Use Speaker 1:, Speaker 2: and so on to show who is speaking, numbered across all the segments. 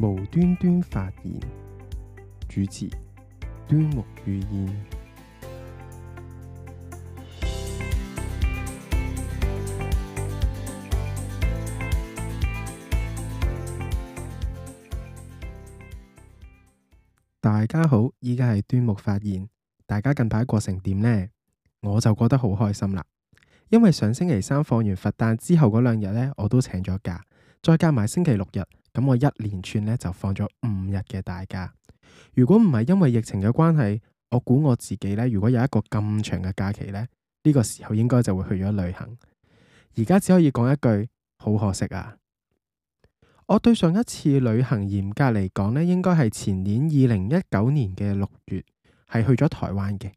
Speaker 1: 無端端發言，主持端木遇燕。大家好，依家係端木發言。大家近排過成點呢？我就覺得好開心啦，因為上星期三放完佛誕之後嗰兩日呢，我都請咗假，再加埋星期六日。咁我一連串呢，就放咗五日嘅大假。如果唔係因為疫情嘅關係，我估我自己呢，如果有一個咁長嘅假期呢，呢個時候應該就會去咗旅行。而家只可以講一句好可惜啊。我對上一次旅行嚴格嚟講呢，應該係前年二零一九年嘅六月係去咗台灣嘅。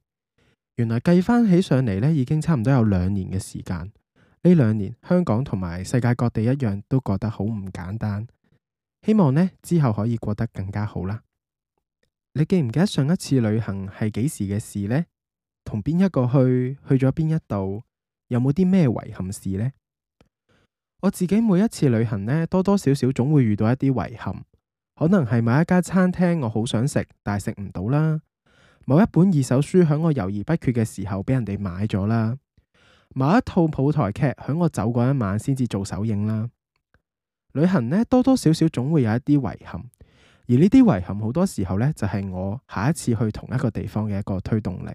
Speaker 1: 原來計返起上嚟呢，已經差唔多有兩年嘅時間。呢兩年香港同埋世界各地一樣，都覺得好唔簡單。希望呢之後可以過得更加好啦。你記唔記得上一次旅行係幾時嘅事呢？同邊一個去？去咗邊一度？有冇啲咩遺憾事呢？我自己每一次旅行呢，多多少少總會遇到一啲遺憾，可能係某一家餐廳我好想食，但係食唔到啦；某一本二手書響我猶豫不決嘅時候俾人哋買咗啦；某一套舞台劇響我走嗰一晚先至做首映啦。旅行呢，多多少少總會有一啲遺憾，而呢啲遺憾好多時候呢，就係我下一次去同一個地方嘅一個推動力。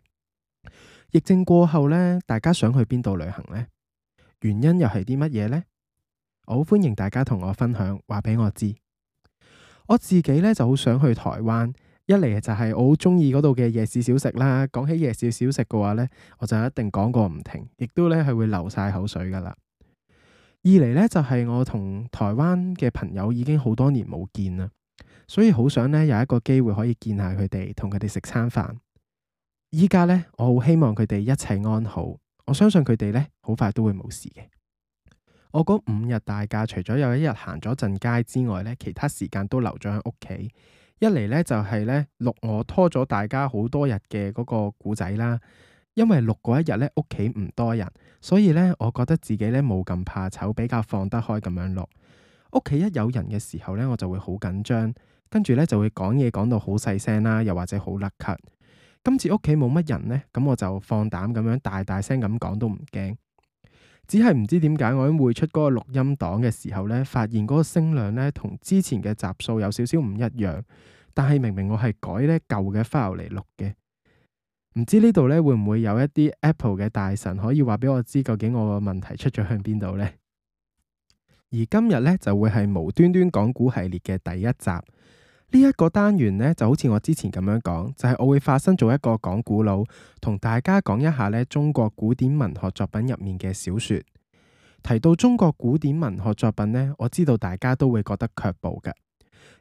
Speaker 1: 疫症過後呢，大家想去邊度旅行呢？原因又係啲乜嘢呢？好，歡迎大家同我分享，話俾我知。我自己呢，就好想去台灣，一嚟就係我好鍾意嗰度嘅夜市小食啦。講起夜市小食嘅話呢，我就一定講過唔停，亦都呢係會流晒口水噶啦。二嚟呢，就係我同台灣嘅朋友已經好多年冇見啦，所以好想呢，有一個機會可以見下佢哋，同佢哋食餐飯。依家呢，我好希望佢哋一切安好，我相信佢哋呢，好快都會冇事嘅。我嗰五日大假，除咗有一日行咗陣街之外呢，其他時間都留咗喺屋企。一嚟呢，就係呢，錄我拖咗大家好多日嘅嗰個古仔啦。因為錄嗰一日咧，屋企唔多人，所以咧我覺得自己咧冇咁怕醜，比較放得開咁樣錄。屋企一有人嘅時候咧，我就會好緊張，跟住咧就會講嘢講到好細聲啦，又或者好甩咳。今次屋企冇乜人咧，咁我就放膽咁樣大大聲咁講都唔驚。只係唔知點解我喺會出嗰個錄音檔嘅時候咧，發現嗰個聲量咧同之前嘅集數有少少唔一樣，但係明明我係改咧舊嘅 file 嚟錄嘅。唔知呢度咧會唔會有一啲 Apple 嘅大神可以話俾我知究竟我個問題出咗向邊度呢？而今日呢，就會係無端端講古系列嘅第一集。呢、這、一個單元呢，就好似我之前咁樣講，就係、是、我會化身做一個講古佬，同大家講一下呢中國古典文學作品入面嘅小說。提到中國古典文學作品呢，我知道大家都會覺得卻步嘅。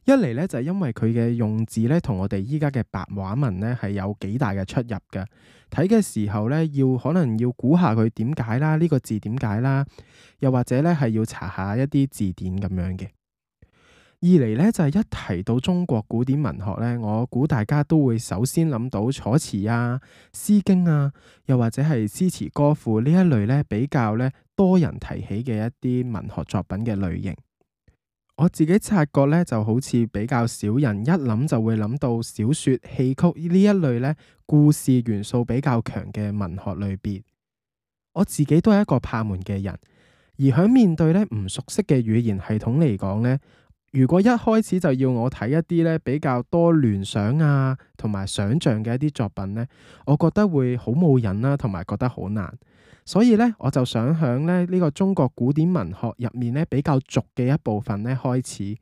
Speaker 1: 一嚟咧就係因為佢嘅用字咧，同我哋依家嘅白話文咧係有幾大嘅出入嘅。睇嘅時候咧，要可能要估下佢點解啦，呢個字點解啦，又或者咧係要查下一啲字典咁樣嘅。二嚟咧就係一提到中國古典文學咧，我估大家都會首先諗到《楚辭》啊、《詩經》啊，又或者係詩詞歌賦呢一類咧比較咧多人提起嘅一啲文學作品嘅類型。我自己察覺咧，就好似比較少人一諗就會諗到小說、戲曲呢一類咧，故事元素比較強嘅文學類別。我自己都係一個怕門嘅人，而響面對咧唔熟悉嘅語言系統嚟講咧，如果一開始就要我睇一啲咧比較多聯想啊同埋想象嘅一啲作品咧，我覺得會好冇癮啦，同埋覺得好難。所以咧，我就想喺咧呢、這個中國古典文學入面咧，比較俗嘅一部分咧開始。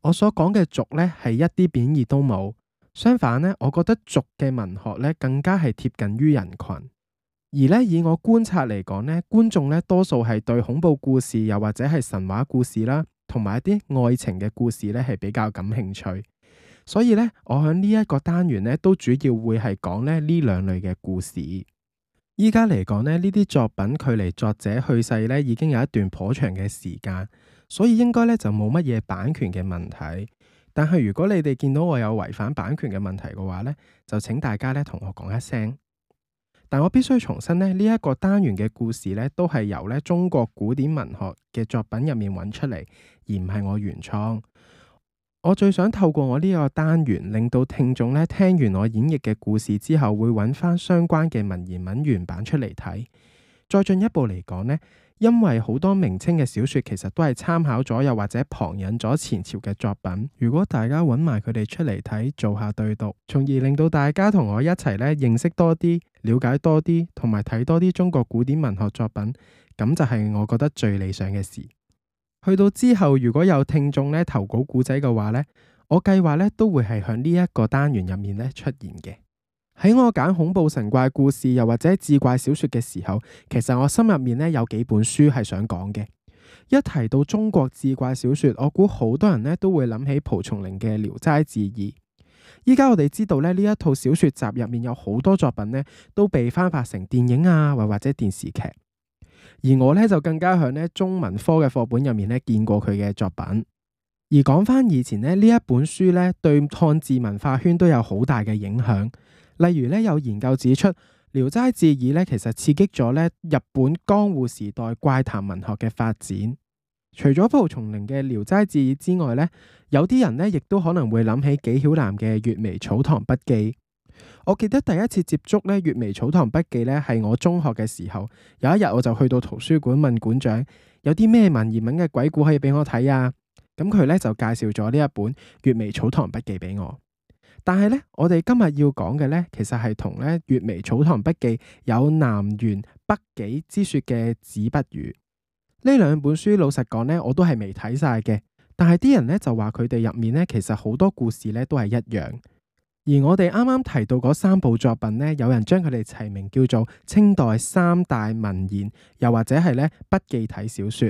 Speaker 1: 我所講嘅俗咧係一啲貶義都冇，相反咧，我覺得俗嘅文學咧更加係貼近於人群。而咧以我觀察嚟講咧，觀眾咧多數係對恐怖故事又或者係神話故事啦，同埋一啲愛情嘅故事咧係比較感興趣。所以咧，我喺呢一個單元咧都主要會係講咧呢兩類嘅故事。依家嚟講呢，呢啲作品距離作者去世呢已經有一段頗長嘅時間，所以應該呢就冇乜嘢版權嘅問題。但係如果你哋見到我有違反版權嘅問題嘅話呢，就請大家呢同我講一聲。但我必須重申，呢呢一個單元嘅故事呢都係由呢中國古典文學嘅作品入面揾出嚟，而唔係我原創。我最想透過我呢個單元，令到聽眾咧聽完我演繹嘅故事之後，會揾翻相關嘅文言文原版出嚟睇。再進一步嚟講呢，因為好多明清嘅小說其實都係參考咗，又或者旁引咗前朝嘅作品。如果大家揾埋佢哋出嚟睇，做下對讀，從而令到大家同我一齊咧認識多啲、了解多啲，同埋睇多啲中國古典文學作品，咁就係我覺得最理想嘅事。去到之後，如果有聽眾咧投稿故仔嘅話呢，我計劃咧都會係向呢一個單元入面咧出現嘅。喺我揀恐怖神怪故事又或者志怪小說嘅時候，其實我心入面咧有幾本書係想講嘅。一提到中國志怪小說，我估好多人咧都會諗起蒲松齡嘅《聊齋志異》。依家我哋知道咧呢一套小說集入面有好多作品咧都被翻拍成電影啊，或或者電視劇。而我咧就更加喺咧中文科嘅課本入面咧見過佢嘅作品。而講翻以前呢，呢一本書咧對漢字文化圈都有好大嘅影響。例如咧有研究指出《聊齋誌異》咧其實刺激咗咧日本江戶時代怪談文學嘅發展。除咗蒲松齡嘅《聊齋誌異》之外咧，有啲人咧亦都可能會諗起紀曉嵐嘅《閱微草堂筆記》。我記得第一次接觸咧《閱微草堂筆記》呢咧係我中學嘅時候，有一日我就去到圖書館問館長有啲咩文言文嘅鬼故可以俾我睇啊？咁佢咧就介紹咗呢一本《閱微草堂筆記》俾我。但係咧，我哋今日要講嘅咧，其實係同咧《閱微草堂筆記》有南袁北紀之說嘅《子不語》呢兩本書。老實講咧，我都係未睇晒嘅，但係啲人咧就話佢哋入面咧，其實好多故事咧都係一樣。而我哋啱啱提到嗰三部作品呢，有人將佢哋齊名叫做清代三大文言，又或者係咧筆記體小說。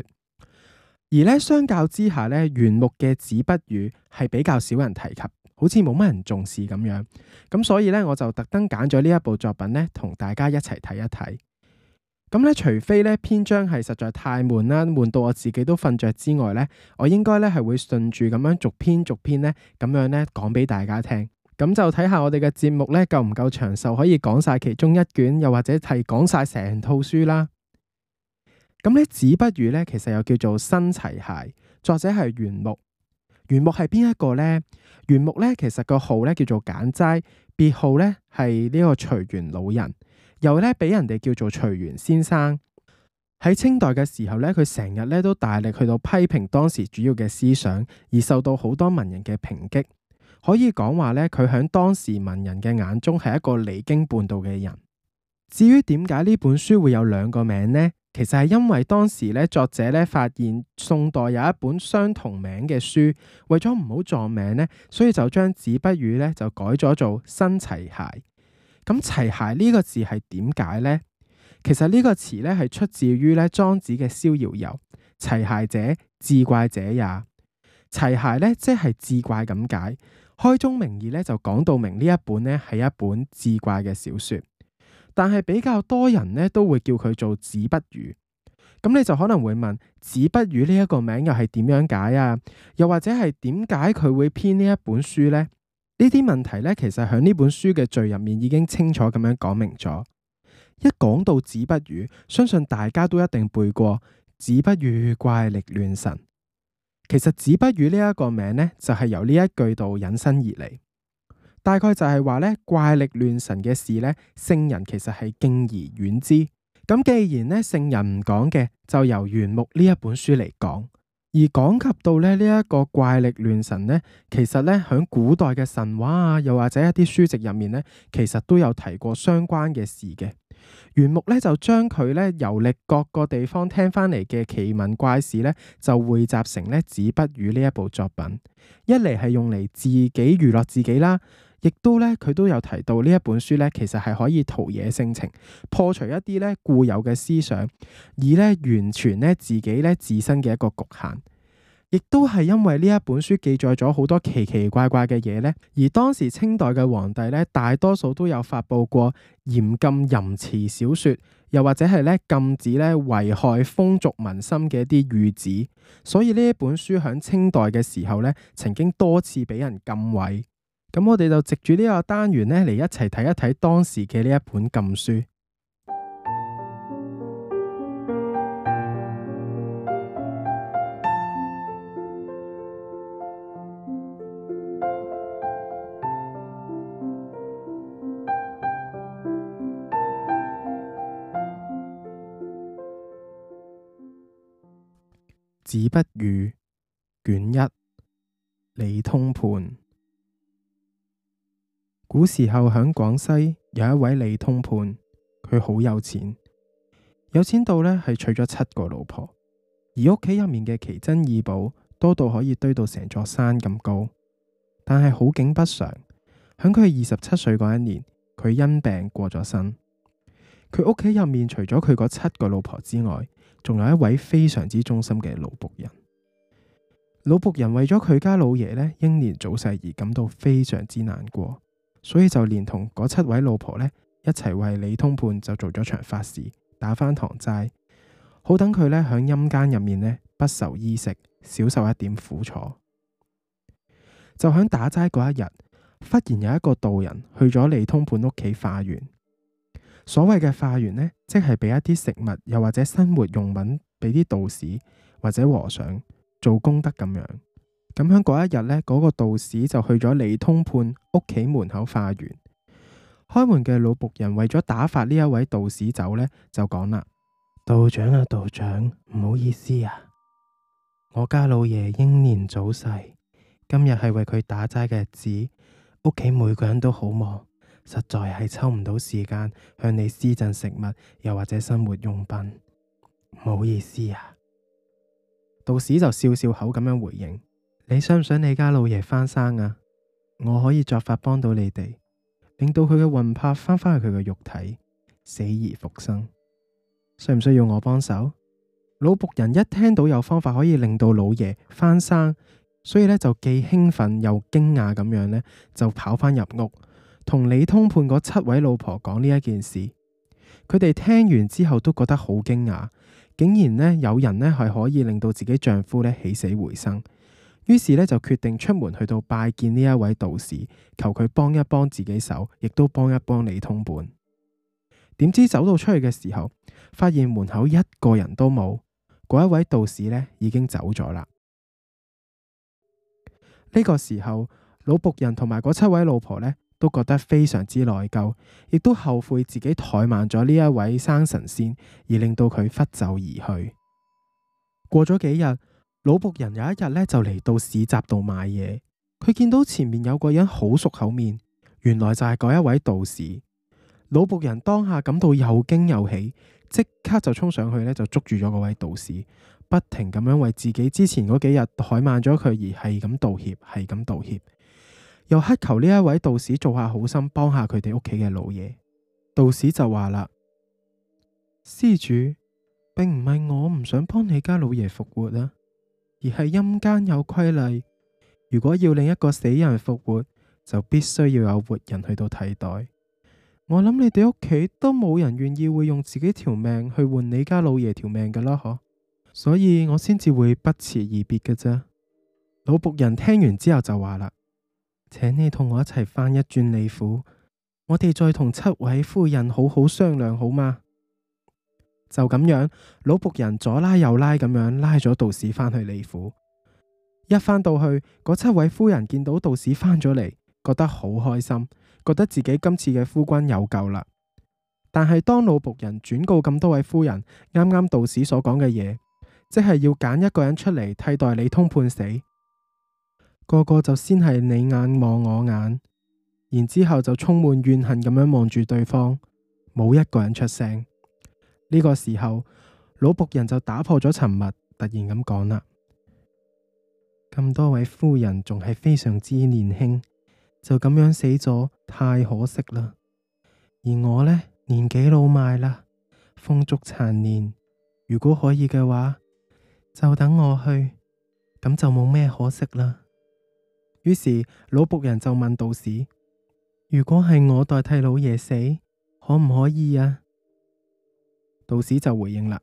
Speaker 1: 而咧相較之下咧，袁牧嘅《子不語》係比較少人提及，好似冇乜人重視咁樣。咁所以咧，我就特登揀咗呢一部作品咧，同大家一齊睇一睇。咁咧，除非咧篇章係實在太悶啦，悶到我自己都瞓着之外咧，我應該咧係會順住咁樣逐篇逐篇咧，咁樣咧講俾大家聽。咁就睇下我哋嘅節目呢，夠唔夠長壽，可以講晒其中一卷，又或者係講晒成套書啦。咁咧，子不語呢，其實又叫做新齊諧，作者係袁牧。袁牧係邊一個呢？袁牧呢，其實個號呢，叫做簡齋，別號呢，係呢個隨園老人，又呢，俾人哋叫做隨園先生。喺清代嘅時候呢，佢成日呢，都大力去到批評當時主要嘅思想，而受到好多文人嘅抨擊。可以講話咧，佢喺當時文人嘅眼中係一個離經叛道嘅人。至於點解呢本書會有兩個名呢？其實係因為當時咧作者咧發現宋代有一本相同名嘅書，為咗唔好撞名呢，所以就將《子不語》咧就改咗做《新齊鞋》諧。咁、嗯《齊諧》呢個字係點解呢？其實呢個詞咧係出自於咧《莊子》嘅《逍遙遊》。齊諧者，志怪者也。齊諧咧即係志怪咁解。開宗明義咧就講到明呢一本呢係一本志怪嘅小說，但係比較多人呢都會叫佢做《子不語》嗯。咁你就可能會問，《子不語》呢一個名又係點樣解啊？又或者係點解佢會編呢一本書呢？呢啲問題呢，其實喺呢本書嘅序入面已經清楚咁樣講明咗。一講到《子不語》，相信大家都一定背過《子不語》，怪力亂神。其實子不語呢一個名咧，就係由呢一句度引申而嚟，大概就係話咧怪力亂神嘅事咧，聖人其實係敬而遠之。咁既然咧聖人唔講嘅，就由袁牧呢一本書嚟講。而講及到咧呢一個怪力亂神呢，其實呢，喺古代嘅神話啊，又或者一啲書籍入面呢，其實都有提過相關嘅事嘅。袁牧呢，就將佢呢遊歷各個地方聽翻嚟嘅奇聞怪事呢，就匯集成呢《子不語》呢一部作品，一嚟係用嚟自己娛樂自己啦。亦都咧，佢都有提到呢一本書咧，其實係可以陶冶性情，破除一啲咧固有嘅思想，以咧完全咧自己咧自身嘅一個局限。亦都係因為呢一本書記載咗好多奇奇怪怪嘅嘢咧，而當時清代嘅皇帝咧，大多數都有發佈過嚴禁淫詞小說，又或者係咧禁止咧危害風俗民心嘅一啲御旨。所以呢一本書響清代嘅時候咧，曾經多次俾人禁毀。咁、嗯、我哋就藉住呢個單元呢嚟一齊睇一睇當時嘅呢一本禁書，《子不語》卷一，李通判。古時候喺廣西有一位李通判，佢好有錢，有錢到呢，係娶咗七個老婆，而屋企入面嘅奇珍異寶多到可以堆到成座山咁高。但係好景不常，喺佢二十七歲嗰一年，佢因病過咗身。佢屋企入面除咗佢嗰七個老婆之外，仲有一位非常之忠心嘅老僕人。老僕人為咗佢家老爺呢英年早逝而感到非常之難過。所以就連同嗰七位老婆呢，一齊為李通判就做咗場法事，打翻堂齋，好等佢呢，響陰間入面呢，不愁衣食，少受一點苦楚。就響打齋嗰一日，忽然有一個道人去咗李通判屋企化緣。所謂嘅化緣呢，即係俾一啲食物，又或者生活用品俾啲道士或者和尚做功德咁樣。咁喺嗰一日呢，嗰個道士就去咗李通判屋企門口化緣。開門嘅老僕人為咗打發呢一位道士走呢，就講啦，道長啊，道長，唔好意思啊，我家老爺英年早逝，今日係為佢打齋嘅日子，屋企每個人都好忙，實在係抽唔到時間向你施贈食物，又或者生活用品，唔好意思啊。道士就笑笑口咁樣回應。你想唔想你家老爺翻生啊？我可以作法幫到你哋，令到佢嘅魂魄翻返去佢嘅肉體，死而復生。需唔需要我幫手？老僕人一聽到有方法可以令到老爺翻生，所以咧就既興奮又驚訝咁樣呢，就跑翻入屋同李通判嗰七位老婆講呢一件事。佢哋聽完之後都覺得好驚訝，竟然呢有人呢係可以令到自己丈夫呢起死回生。於是呢，就決定出門去到拜見呢一位道士，求佢幫一幫自己手，亦都幫一幫李通判。點知走到出去嘅時候，發現門口一個人都冇，嗰一位道士呢，已經走咗啦。呢、這個時候，老僕人同埋嗰七位老婆呢，都覺得非常之內疚，亦都後悔自己怠慢咗呢一位生神仙，而令到佢拂袖而去。過咗幾日。老僕人有一日呢，就嚟到市集度買嘢。佢見到前面有個人好熟口面，原來就係嗰一位道士。老僕人當下感到又驚又喜，即刻就衝上去呢，就捉住咗嗰位道士，不停咁樣為自己之前嗰幾日怠慢咗佢而係咁道歉，係咁道歉，又乞求呢一位道士做下好心幫下佢哋屋企嘅老爺。道士就話啦：施主，並唔係我唔想幫你家老爺復活啊！而係陰間有規例，如果要令一個死人復活，就必須要有活人去到替代。我諗你哋屋企都冇人願意會用自己條命去換你家老爺條命噶啦，嗬，所以我先至會不辭而別嘅啫。老僕人聽完之後就話啦，請你同我一齊翻一轉李府，我哋再同七位夫人好好商量好嗎？就咁樣，老僕人左拉右拉咁樣拉咗道士返去李府。一返到去，嗰七位夫人見到道士返咗嚟，覺得好開心，覺得自己今次嘅夫君有救啦。但係當老僕人轉告咁多位夫人啱啱道士所講嘅嘢，即係要揀一個人出嚟替代李通判死，個個就先係你眼望我眼，然之後就充滿怨恨咁樣望住對方，冇一個人出聲。呢個時候，老僕人就打破咗沉默，突然咁講啦，咁多位夫人仲係非常之年輕，就咁樣死咗，太可惜啦。而我呢，年紀老邁啦，風燭殘年，如果可以嘅話，就等我去，咁就冇咩可惜啦。於是老僕人就問道士，如果係我代替老爺死，可唔可以啊？道士就回應啦，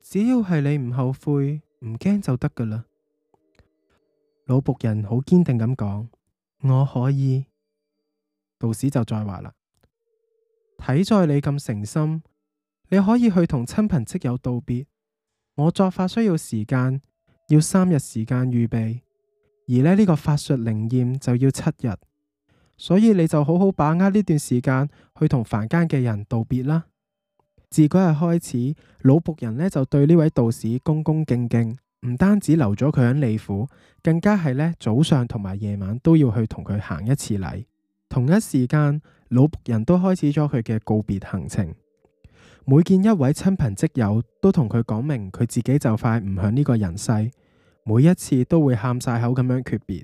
Speaker 1: 只要係你唔後悔、唔驚就得噶啦。老僕人好堅定咁講，我可以。道士就再話啦，睇在你咁誠心，你可以去同親朋戚友道別。我作法需要時間，要三日時間預備，而呢呢個法術靈驗就要七日，所以你就好好把握呢段時間去同凡間嘅人道別啦。自嗰日開始，老僕人呢就對呢位道士恭恭敬敬，唔單止留咗佢喺李府，更加係呢早上同埋夜晚都要去同佢行一次禮。同一時間，老僕人都開始咗佢嘅告別行程，每見一位親朋戚友，都同佢講明佢自己就快唔響呢個人世，每一次都會喊晒口咁樣訣別。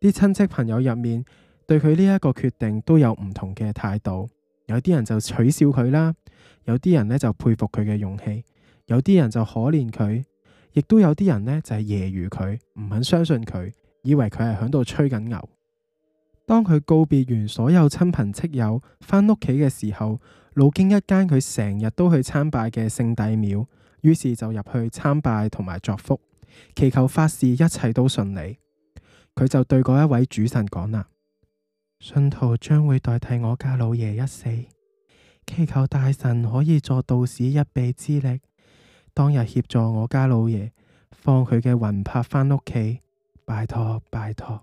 Speaker 1: 啲親戚朋友入面對佢呢一個決定都有唔同嘅態度。有啲人就取笑佢啦，有啲人呢就佩服佢嘅勇氣，有啲人就可憐佢，亦都有啲人呢就係揶揄佢，唔肯相信佢，以為佢係響度吹緊牛。當佢告別完所有親朋戚友，返屋企嘅時候，路經一間佢成日都去參拜嘅聖帝廟，於是就入去參拜同埋作福，祈求發誓一切都順利。佢就對嗰一位主神講啦。信徒將會代替我家老爺一死，祈求大神可以助道士一臂之力，當日協助我家老爺放佢嘅魂魄返屋企，拜託拜託。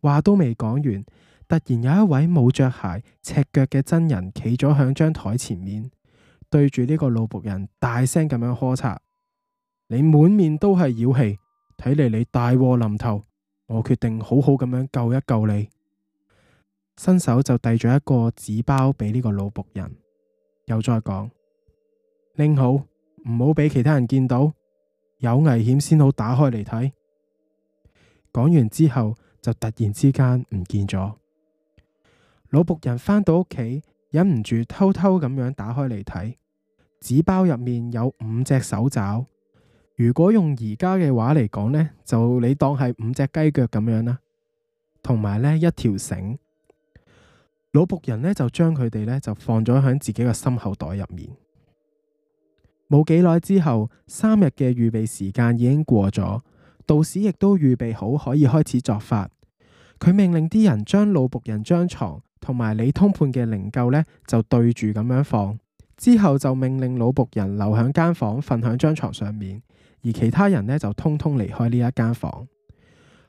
Speaker 1: 話都未講完，突然有一位冇着鞋、赤腳嘅真人企咗響張台前面，對住呢個老僕人大聲咁樣呵斥，你滿面都係妖氣，睇嚟你大禍臨頭，我決定好好咁樣救一救你。伸手就遞咗一個紙包俾呢個老僕人，又再講，拎好，唔好俾其他人見到，有危險先好打開嚟睇。講完之後就突然之間唔見咗。老僕人返到屋企，忍唔住偷偷咁樣打開嚟睇，紙包入面有五隻手爪，如果用而家嘅話嚟講呢，就你當係五隻雞腳咁樣啦，同埋呢一條繩。老僕人呢，就將佢哋呢，就放咗喺自己嘅心口袋入面。冇幾耐之後，三日嘅預備時間已經過咗，道士亦都預備好可以開始作法。佢命令啲人將老僕人張床同埋李通判嘅靈柩呢，就對住咁樣放，之後就命令老僕人留喺間房瞓喺張床上面，而其他人呢，就通通離開呢一間房。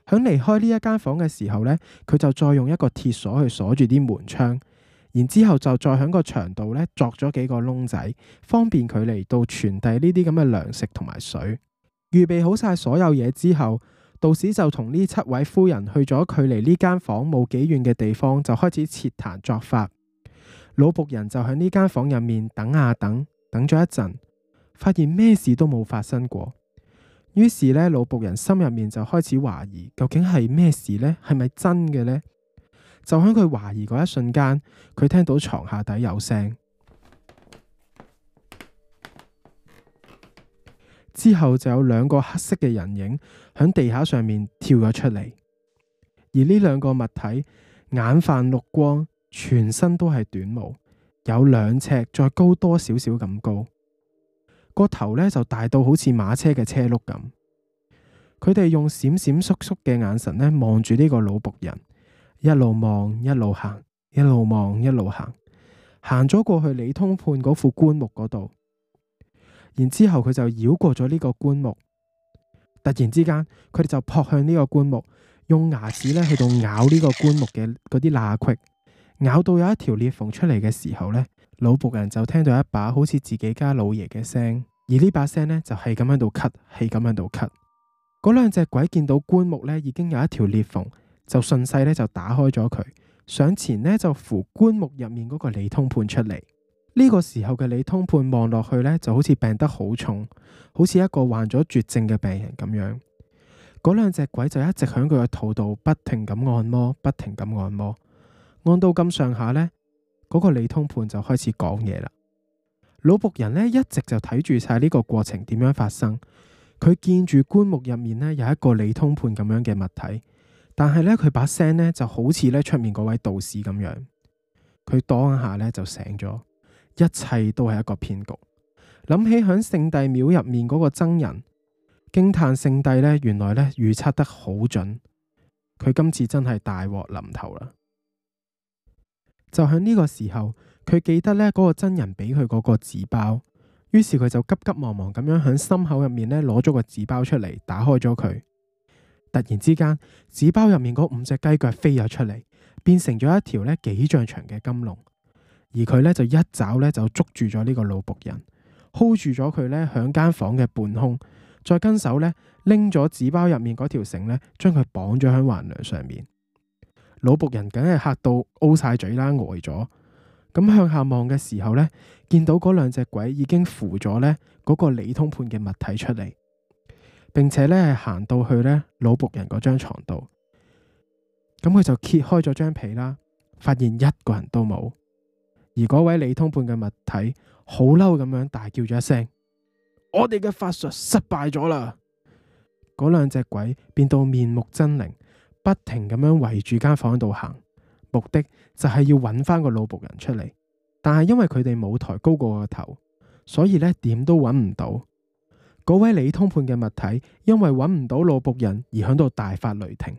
Speaker 1: 喺離開呢一間房嘅時候呢，佢就再用一個鐵鎖去鎖住啲門窗，然之後就再喺個牆度呢鑿咗幾個窿仔，方便佢嚟到傳遞呢啲咁嘅糧食同埋水。預備好晒所有嘢之後，道士就同呢七位夫人去咗距離呢間房冇幾遠嘅地方，就開始設壇作法。老僕人就喺呢間房入面等啊等，等咗一陣，發現咩事都冇發生過。於是呢，老僕人心入面就開始懷疑，究竟係咩事呢？係咪真嘅呢？就喺佢懷疑嗰一瞬間，佢聽到床下底有聲，之後就有兩個黑色嘅人影喺地下上面跳咗出嚟，而呢兩個物體眼泛綠光，全身都係短毛，有兩尺再高多少少咁高。個頭咧就大到好似馬車嘅車轆咁，佢哋用閃閃縮縮嘅眼神咧望住呢個老僕人，一路望一路行，一路望一路行，行咗過去李通判嗰副棺木嗰度，然之後佢就繞過咗呢個棺木，突然之間佢哋就撲向呢個棺木，用牙齒咧去到咬呢個棺木嘅嗰啲罅隙。咬到有一條裂縫出嚟嘅時候咧。老僕人就聽到一把好似自己家老爺嘅聲，而呢把聲呢就係咁喺度咳，係咁喺度咳。嗰兩隻鬼見到棺木呢已經有一條裂縫，就順勢呢就打開咗佢，上前呢就扶棺木入面嗰個李通判出嚟。呢個時候嘅李通判望落去呢就好似病得好重，好似一個患咗絕症嘅病人咁樣。嗰兩隻鬼就一直喺佢嘅肚度不停咁按摩，不停咁按摩，按到咁上下呢，嗰個李通判就開始講嘢啦，老僕人呢一直就睇住晒呢個過程點樣發生，佢見住棺木入面呢有一個李通判咁樣嘅物體，但係呢，佢把聲呢就好似呢出面嗰位道士咁樣，佢當下呢就醒咗，一切都係一個騙局。諗起喺聖帝廟入面嗰個僧人，驚嘆聖帝呢，原來呢預測得好準，佢今次真係大禍臨頭啦。就喺呢個時候，佢記得呢嗰個真人俾佢嗰個紙包，於是佢就急急忙忙咁樣喺心口入面呢攞咗個紙包出嚟，打開咗佢。突然之間，紙包入面嗰五隻雞腳飛咗出嚟，變成咗一條呢幾丈長嘅金龍，而佢呢，就一爪呢，就捉住咗呢個老僕人，hold 住咗佢呢，喺間房嘅半空，再跟手呢，拎咗紙包入面嗰條繩呢，將佢綁咗喺橫梁上面。老僕人梗係嚇到 O 晒嘴啦，呆咗。咁向下望嘅時候呢，見到嗰兩隻鬼已經扶咗呢嗰個李通判嘅物體出嚟，並且呢係行到去呢老僕人嗰張床度。咁佢就揭開咗張被啦，發現一個人都冇。而嗰位李通判嘅物體好嬲咁樣大叫咗一聲：我哋嘅法術失敗咗啦！嗰兩隻鬼變到面目猙獰。不停咁樣圍住間房度行，目的就係要搵翻個老僕人出嚟。但係因為佢哋冇抬高過個頭，所以呢點都搵唔到。嗰位李通判嘅物體因為搵唔到老僕人而響度大發雷霆，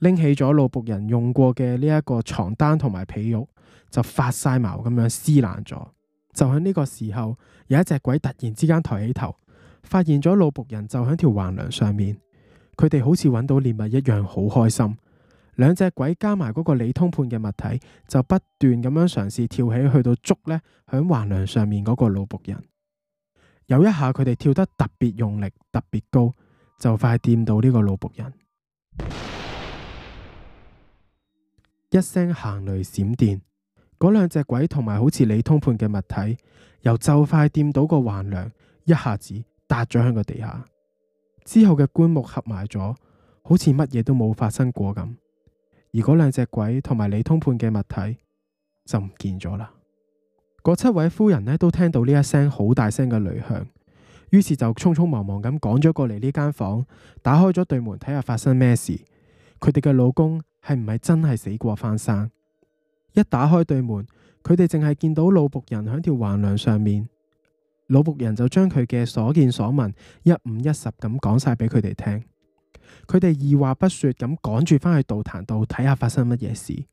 Speaker 1: 拎起咗老僕人用過嘅，呢一個床單同埋被褥，就發晒毛咁樣撕爛咗。就喺呢個時候，有一隻鬼突然之間抬起頭，發現咗老僕人就喺條橫樑上面。佢哋好似揾到獵物一樣，好開心，兩隻鬼加埋嗰個李通判嘅物體就不斷咁樣嘗試跳起去，到捉呢響橫梁上面嗰個老僕人。有一下佢哋跳得特別用力，特別高，就快掂到呢個老僕人。一聲行雷閃電，嗰兩隻鬼同埋好似李通判嘅物體又就快掂到個橫梁，一下子搭咗喺個地下。之後嘅棺木合埋咗，好似乜嘢都冇發生過咁。而嗰兩隻鬼同埋李通判嘅物體就唔見咗啦。嗰七位夫人呢都聽到呢一聲好大聲嘅雷響，於是就匆匆忙忙咁趕咗過嚟呢間房，打開咗對門睇下發生咩事。佢哋嘅老公係唔係真係死過翻生？一打開對門，佢哋淨係見到老僕人喺條橫梁上面。老僕人就將佢嘅所見所聞一五一十咁講晒俾佢哋聽，佢哋二話不說咁趕住返去道壇度睇下發生乜嘢事。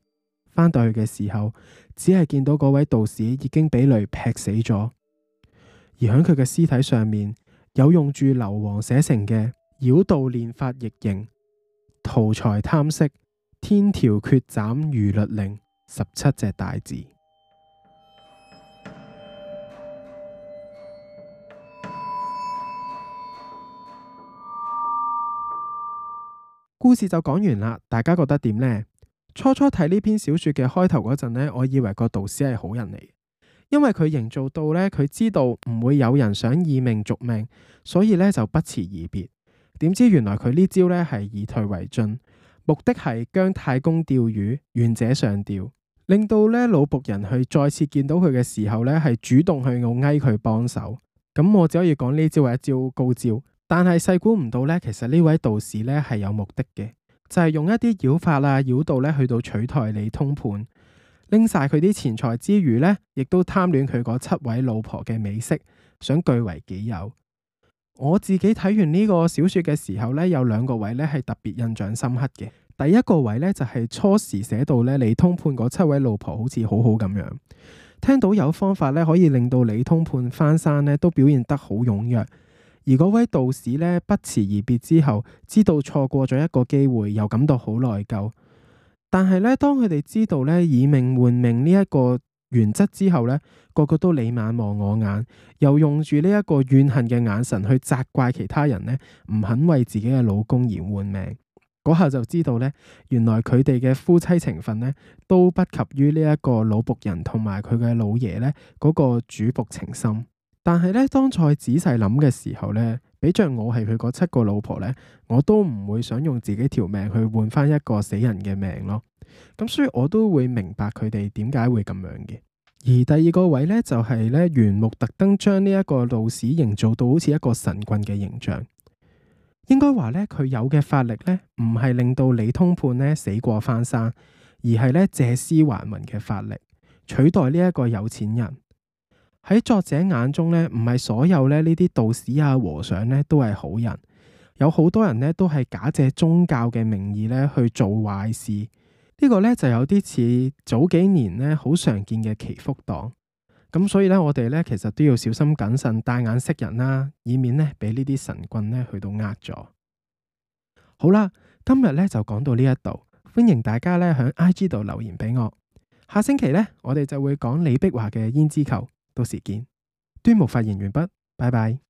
Speaker 1: 返到去嘅時候，只係見到嗰位道士已經俾雷劈死咗，而喺佢嘅屍體上面有用住硫磺寫成嘅“妖道練法逆形，圖財貪色，天條缺斬如律令”十七隻大字。故事就講完啦，大家覺得點呢？初初睇呢篇小說嘅開頭嗰陣呢，我以為個導師係好人嚟，因為佢營造到呢，佢知道唔會有人想以命續命，所以呢就不辭而別。點知原來佢呢招呢係以退為進，目的係姜太公釣魚，願者上釣，令到呢老僕人去再次見到佢嘅時候呢，係主動去嗌佢幫手。咁我只可以講呢招係一招高招。但係細估唔到呢，其實呢位道士呢係有目的嘅，就係用一啲妖法啊、妖道呢去到取代李通判，拎晒佢啲錢財之餘呢，亦都貪戀佢嗰七位老婆嘅美色，想據為己有。我自己睇完呢個小說嘅時候呢，有兩個位呢係特別印象深刻嘅。第一個位呢，就係初時寫到呢，李通判嗰七位老婆好似好好咁樣，聽到有方法呢，可以令到李通判翻生，呢都表現得好踊躍。而嗰位道士呢，不辭而別之後，知道錯過咗一個機會，又感到好內疚。但係呢，當佢哋知道呢，以命換命呢一個原則之後呢，個個都你眼望我眼，又用住呢一個怨恨嘅眼神去責怪其他人呢，唔肯為自己嘅老公而換命。嗰下就知道呢，原來佢哋嘅夫妻情分呢，都不及於呢一個老僕人同埋佢嘅老爺呢嗰個主僕情深。但係咧，當再仔細諗嘅時候咧，俾着我係佢嗰七個老婆咧，我都唔會想用自己條命去換翻一個死人嘅命咯。咁所以我都會明白佢哋點解會咁樣嘅。而第二個位咧，就係、是、咧，袁牧特登將呢一個道士營造到好似一個神棍嘅形象。應該話咧，佢有嘅法力咧，唔係令到李通判咧死過翻生，而係咧借屍還魂嘅法力取代呢一個有錢人。喺作者眼中咧，唔係所有咧呢啲道士啊、和尚咧都係好人，有好多人咧都係假借宗教嘅名義咧去做壞事。呢個咧就有啲似早幾年咧好常見嘅祈福黨。咁所以咧，我哋咧其實都要小心謹慎、帶眼識人啦，以免咧俾呢啲神棍咧去到呃咗。好啦，今日咧就講到呢一度，歡迎大家咧喺 I G 度留言俾我。下星期咧，我哋就會講李碧華嘅《胭脂扣》。到時見，端木發言完畢，拜拜。